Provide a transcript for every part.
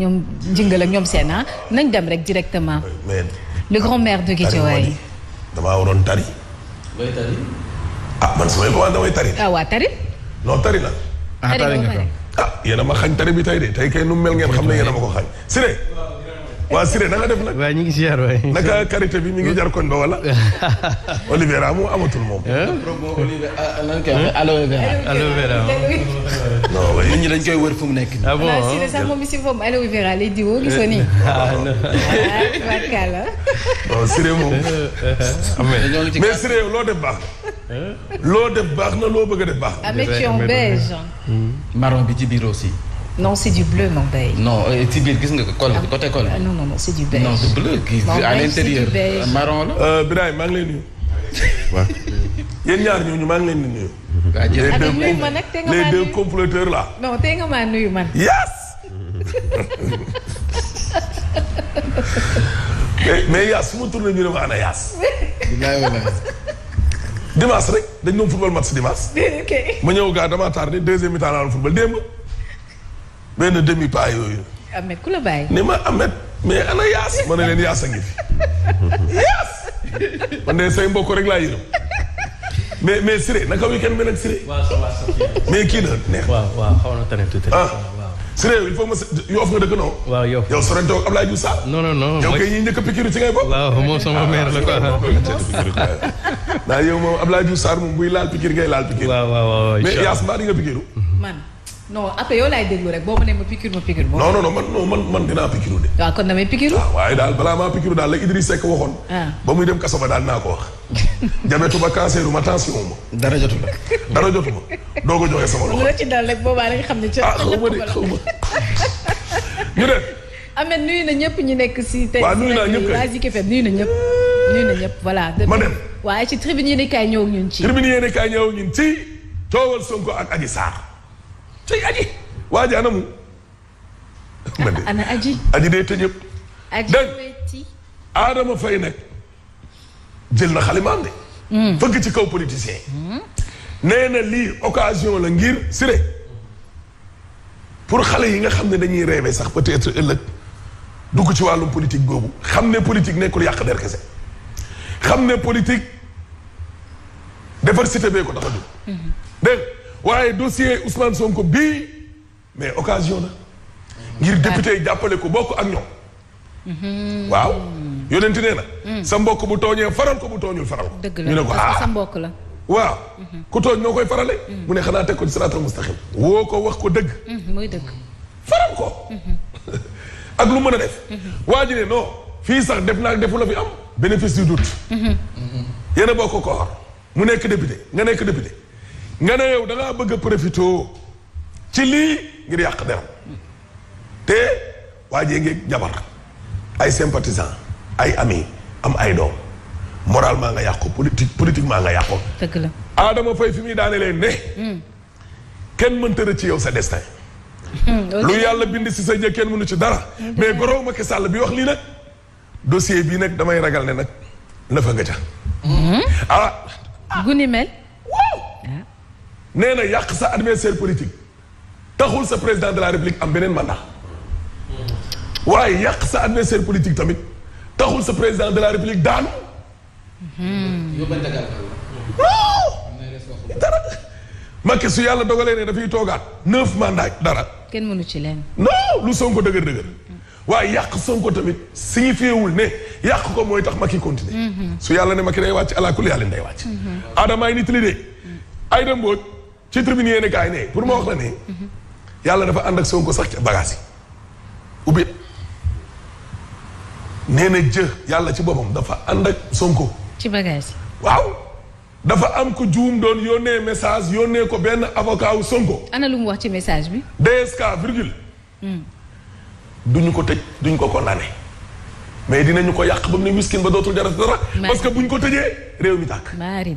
ñoom Jingal ak ñoom seen ah nañ dem rek directement. le grand maire de Guédiawaye. damaa waroon tari. looy tari. ah man samay ko damay tari. ah waa tari. non tari na. ah tari nga ko ah yéen a ma xañ tari bi tey de tey kay nu mel ngeen xam ne yéen a ma ko xañ. Siré. waa Siré na nga def nag. waaw ñu ngi ziar waay. jar koñ ba wala. Olivera mu amatul moom. lan koy waxee aloe vera. aloe vera non nit ñi dañ fu mu nekk. ah bon ah moom si foofu aloe vera lay diwoo gisoo nii. ah non. non Siré moom. Ah, mais Siré loo def baax. loo def baax na loo bëgg a def baax. avec beige. Hmm. bi ci biir aussi. non c'est du bleu Mambay. non ci euh, biir gis nga ko col ah, côté col. Ah, non non non c'est du beige. non c'est bleu kii à l'intérieur marron la. Euh, Birame maa ngi lay nuyu. waaw yéen ñaar ñooñu maa leen di nuyu. waa jërëjëf ah, les nga maa nuyu man. yes. mais Yaas fu ma tourné ñu ne ma ana Yaas. bilaay rek dañ doon football match dimanche. ma ñëw gaa damaa tardé deuxième mi-temps laa football démb. benn demi pas yooyu. Ahmed ku la bàyyi. ni ma Ahmed mais ana yaas ma ne leen yaas a ngi fi. yaas. man de say mbokk rek laa yërëm. mais mais Siré naka week-end bi nag Siré. waaw ça va mais kii na neex. waaw waaw xaw na tane tuuti. ah Siré il faut ma yoo of nga dëkk non. waaw yow yow soranteeg Ablaye Diouf Sarr. non non non yow kay ñi njëkk a pikiru ci ngay bokk. waaw moom sama mère la quoi. ndax yow moom Ablaye Diouf Sarr moom buy laal pikir ngay laal pikir. waaw waaw waaw mais Yaas mbaa di nga pikiru. man. non après yow laay déglu rek boo ma nee ma piqûre ma piqûre. non non non man non man man dinaa piqûre de. waaw kon damay piqûre. Ah, waaye daal balaa maa piqûre daal la Idriss Seck waxoon. Ah. ba muy dem kaso ba daal naa ko wax. jabetu ba cancer ma tension ma. dara jotu ma dara jotu ko joxe sama loxo. lu la ci dal rek boobaa nga xam ne ca. ah ñëpp ñu nekk si. tey nuyu naa ñëpp kay Zik FM nuyu na ñëpp. nuyu na ñëpp voilà. ma dem waaye ci tribune yéen a kaay ñëw ak ñun ci. tribune a kaay ñëw ak Sonko ak Adji Sarr tey aji waa ji anamu. man de ana aji. aji day tëj yëpp. aji weeti Adama fay nag jël na xalimaam de. Hmm. fëgg ci kaw politicien. Hmm. nee na lii occasion la ngir sire pour xale yi nga xam ne dañuy rêver sax peut-être ëllëg dugg ci wàllum politique boobu xam ne politique nekkul yàq der kese xam ne politique defar cité bee ko dafa dugg hmm. dégg waaye dossier Ousmane Sonko bii mais occasion na. ngir député jàppale ko bokk ak ñoom. Mhm. waaw yonent nee na. Mhm. sa mbokk bu tooñee faral ko bu tooñul faral ko. ñu ne ko que ah. sa mbokk la waaw. Mhm. ku tooñ noo koy farale mu ne xanaa teg ko ci siraatal mustaqim woo ko wax ko dëgg. mooy dëgg. faral ko. ak lu mën a def. waa ji ne non fii sax def naa defu la fi am bénéfice du doute. yéen bokk ko xor mu nekk député nga nekk député. nga ne yow da ngaa bëgg a profité ci lii ngir yàq deram te waa jee ngeeg jabar ay sympathisant ay ami am ay doom moralement nga yàq ko politique politiquement nga yàq ko. dëgg la Adama Faye fi muy daane ne. Hmm. kenn mën rëcc ci yow sa destin. Hmm, lu yàlla bind si sa jë kenn mënu ci dara. mais gorow Macky sàll bi wax lii nag dossier bii nag damay ragal ne nag nafa nga ca. Hmm. ah. guni mel. nee na yàq sa adversaire politique taxul sa président de la république am beneen naa waaye yàq sa adversaire politique tamit taxul sa président de la république daanu. dara Macky su yàlla dogalee ne dafay toogaat neuf mandat dara. kenn mënu ci leen. lu Sonko dëgër dëgër. waaye yàq Sonko tamit signifié wul ne yàq ko mooy tax Macky continuer mhm. su yàlla ne Macky day wàcc alaa kulli yàlla day wàcc. Mhm. Adama ay nit li de. ay Mbodj. ci tribune yéen a kaay ne pour ma wax la ne. yàlla dafa ànd ak Sonko sax ca bagage yi. ubbi nee na jë yàlla ci boppam dafa ànd ak Sonko. ci bagage waaw dafa am ko juum doon yónnee message yónnee ko benn avocat wu Sonko. ana lu mu wax ci message bi. DSK virgule. Hmm. duñu ko tëj duñu ko condamné. mais dinañu ko yàq ba mu ne miskin ba dootul jarat dara parce que buñ ko tëjee réew mi tàkk maari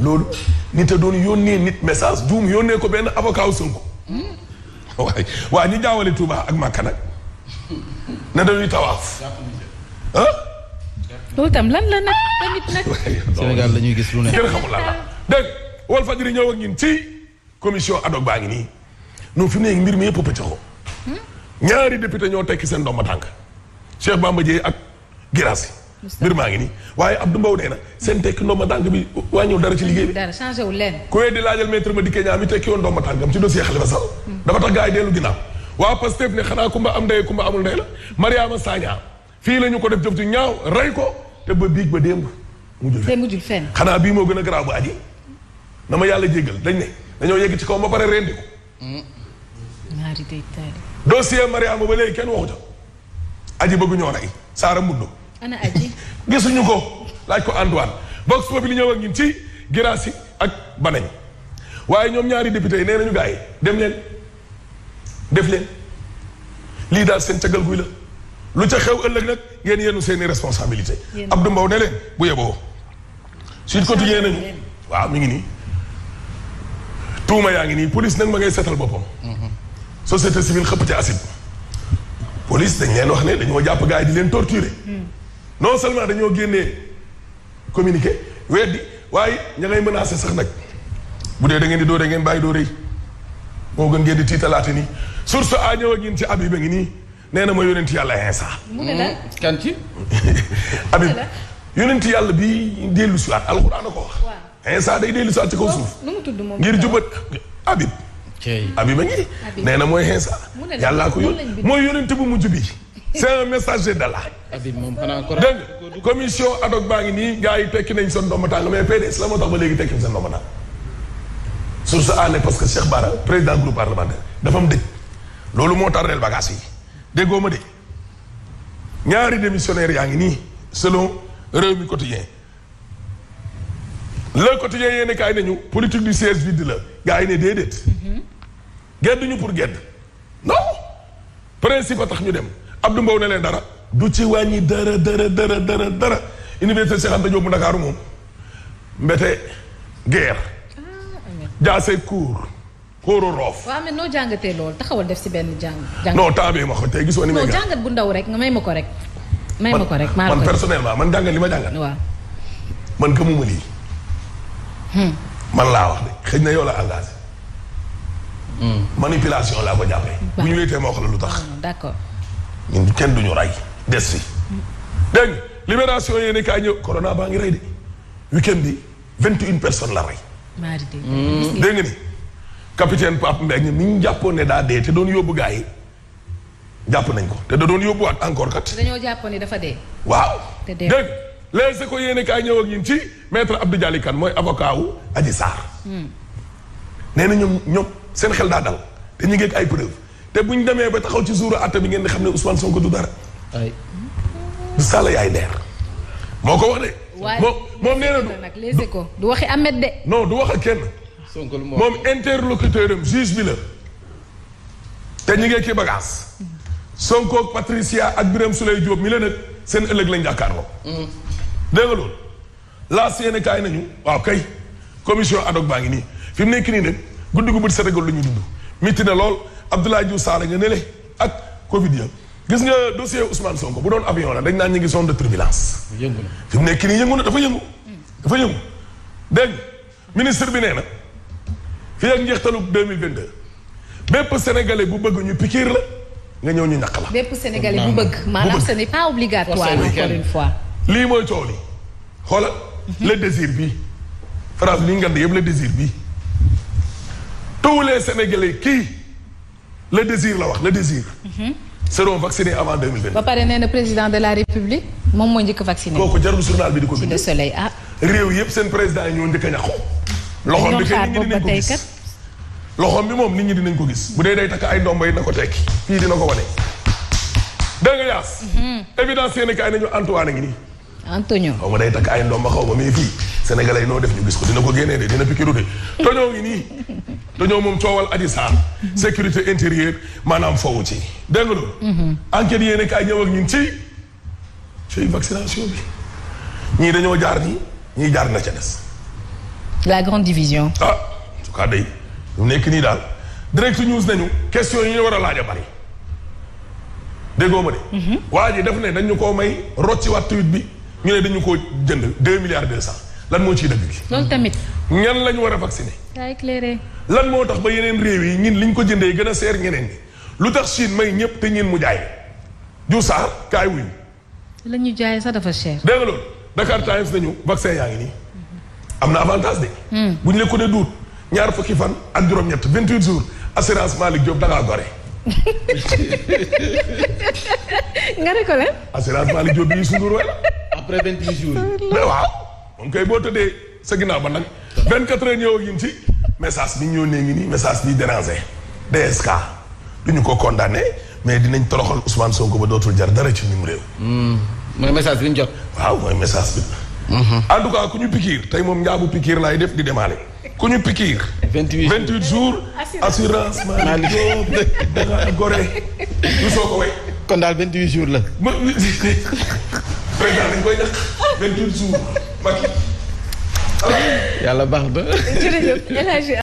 loolu nit a doon yónnee nit message juum yónnee ko benn avocat wu ko hmm? waay waa ñu jaawale Touba ak Makka nag ne dañuy tawaaf ah loolu tam lan la nag tamit nag la ñuy gis lu ne kenn xamul lan la dégg wal fajri ñëw ak ñun ci commission ad baa ngi nii non fi mu ne mbir mi yëpp pëccaxoo hmm? ñaari député ñoo tekki seen ndomba tànk Cheikh Bamba ak giraas yi mbir maa ngi nii waaye Abdou Mbow nee na seen tekki ndomba tànk bi wàññiwul dara ci liggéey bi dara changé wul leen ku di laajal maître Madické Niang mi tekki woon ndomba tànkam ci dossier Khalifa Sall hmm. dafa tax gars yi dellu ginnaaw waa Pastef ne xanaa kumba am ndey kumba amul ndey la Mariama Sagna fii la ñu ko def jëf ci ñaaw rey ko te ba biig ba démb mujjul fenn xanaa bii moo gën a garaaw bu aji na ma yàlla jéggal dañ ne dañoo yegg ci kaw ba pare rendi ko hmm. dossier Mariama ba léegi kenn waxu ca aji bëggu ñoo rey saara muddo ana aji gisuñu ko laaj ko Antoine vox populi li ñëw ak ngi ci Guirassy ak Banañ waaye ñoom ñaari député yi nee nañu gars yi dem leen def leen lii daal seen caggal guy la lu ca xew ëllëg nag ngeen yenu seeni responsabilité Abdou Mbow ne leen bu yeboo Sud Quotidien nañu waaw mi ngi nii tuuma yaa ngi nii police nag ma ngay seetal boppam mhm. société civile xëpp ci acide police dañ leen wax ne dañoo jàpp gars yi di leen torturer hmm. non seulement dañoo génnee communiqué weddi waaye ña ngay menacé sax nag bu dee da ngeen di dóoree ngeen bàyyi dóoree moo gën ngeen di tiitalaate nii source a ñëw ak yéen ci Habib a ngi nii nee na ma yonent yàlla Insa. mu ne la hmm. kan ci. Habib yonent yàlla bi dellu si waat alxuraan a ko wax. day dellu si ci kaw suuf. nu mu tudd moom ngir jubat Habib. Habib a ngi na mooy Insa. yàllaa ko yónni mooy yonent bu mu bi. c' est un messager d'Allah. Habib moom xanaa ko dégg nga commission ad baa ngi nii gars yi tekki nañ seen doomu tàng mais PDS la moo tax ba léegi tekki seen doomu tàng. source a ne parce que Cheikh Bara président groupe parlementaire dafa am dëj loolu moo tardeel bagage yi déggoo ma de ñaari démissionnaire yaa ngi nii selon réew mi quotidien le quotidien yéen kaay nañu politique du siège vide la gars yi ne déedéet. Mhm. gedduñu pour gedd non principe a tax ñu dem. Abdou Mbow ne leen dara du ci wàññi dara dara dara dara dara université Cheikh bu Ndakaaru moom mbete guerre jaase cour xóoro roof waaw mais noo jàngatee loolu taxawal def si benn jàng non temps bi ma ko tey gisoo ni non jàngat bu ndaw rek may ma ko rek may ma ko rek man personnellement man jàngat li ma jàngat man gëmuma lii hmm. man wax xëy na yow la engagé hmm. manipulation laa ko jàppee bu ñu wéetee ma wax la lu tax ah, ñun kenn duñu ray des fi dégg nga libération yéen kaa ñëw corona baa ngi rey de week-end bi vingt une personnes la rey. Mm. dégg nga ni capitaine Pape Mbengue mi ñu jàppoon ne daa dee te doon yóbbu gars yi jàpp nañ ko te da doon yóbbuwaat encore kat. dañoo jàppoon yi dafa dee. waaw dégg nga les échos yéen kaa ñëw ak ñun ci maître Abdou Dialy Kane mooy avocat wu aji Sarr. Mm. nee na ñoom ñoom seen xel daa dal te ñu ay preuve te bu ñu demee ba taxaw ci suura atta bi ngeen di xam ne Ousmane Sonko du dara. ay du sala yaay leer. moo ko wax de. moom moom nee na du du waxi Ahmed de. du wax ak kenn. Sonko lu moom interlocuteur am juge bi la. te ñu ngi kii bagage. Sonko ak Patricia ak Birame Souleye Diop mi la nag seen ëllëg lañ jàkkaarloo. Mm-hmm. dégg nga loolu. laas yéen nañu waaw kay commission ad baa ngi nii fi mu nekk nii nag guddi gu bët Sénégal lu ñu dund. mitti na lool. Abdoulaye Diouf Sarr nga nele ak Covid ya gis nga dossier Ousmane Sonko bu doon avion la dañ naa ñu ngi zone de turbulence. yëngu nekk nii yëngu na dafa yëngu. dafa ministre bi nee na fii ak njeextalu deux mille vingt deux bépp sénégalais bu bëgg ñu pikiir la nga ñëw ñu ñàkk la. bépp sénégalais bu bëgg. maanaam ce n'est pas obligatoire encore une lii mooy coow li xoola mhm. désir bi phrase bi ñu ngan yëpp le désir bi tous les sénégalais kii. le désir la wax le désir. Mhm. seront vaccinés avant deux mille vingt. ba pare nee président de la république moom moo njëkk vacciné. kooku jarul journal bi di ko bind. le soleil ah. réew yëpp seen président yi ñoo njëkk a ñaxu. loxoom bi kay nit ñi dinañ ko bi moom nit ñi dinañ ko gis. bu dee day takk ay ndomba yi na ko tekki fii dina ko wane. dégg yaas. Mhm. évidence yéen a kaay nañu Antoine a ngi nii. Antonio xaw ma day takk ay ndomba xaw ma mais fii. sénégalais yi noo def ñu gis ko dina ko génnee de dina pikiru de toñoo ngi nii toñoo moom coowal Adji Sarr sécurité intérieure maanaam foowu ci dégg nga loolu mhm. enquête yéen ñëw ak ñun ci ci dañoo jaar nii ñii jaar na ca des la grande division ah en tout cas nekk nii daal direct news nañu question yi ñu war a laaj a bari déggoo ma de mhm. waa ji daf ne may rocci waat tweet bi ñu ne dañu ko jënd deux milliards de cent lan moo ciy dëgg gi. loolu tamit. ñan lañu war a vacciner. daa lan moo tax ba yeneen réew yi ñun liñ ko jëndee gën a seer ñeneen ñi lu tax Chine may ñëpp te ñun mu jaay. Diouf Sarr kaay wuyu. la ñu jaay sax dafa cher. dégg nga loolu Dakar Times nañu vaccin yaa ngi nii. am na avantage de. bu ñu la ko duut ñaar fukki fan ak juróom-ñett 28 jours assurance Malick Diop da ngaa gore. nga ne ko leen. assurance Malick Diop bii sunu rëy la. après 28 jours. mais waaw. moom kay boo tëddee sa ginnaaw ba nag. 24 heures ñëw ak yéen ci message bi ñëw nee ngi nii message bi dérangé. DSK du ñu ko condamné mais dinañ toroxal Ousmane Sonko ba dootul jar dara ci ñum réew. Hmm. mooy message bi ñu jot. waaw mooy message bi. Hmm. en tout cas ku ñu pikiir tey moom njaabu pikiir laay def di demaale. ku ñu pikiir. 28 28 jours assurance maanaam yow da ngaa gore. lu soo ko way. kon daal 28 jours la. président dañ koy ñàkk 28 jours. yàlla baax na. jërëjëf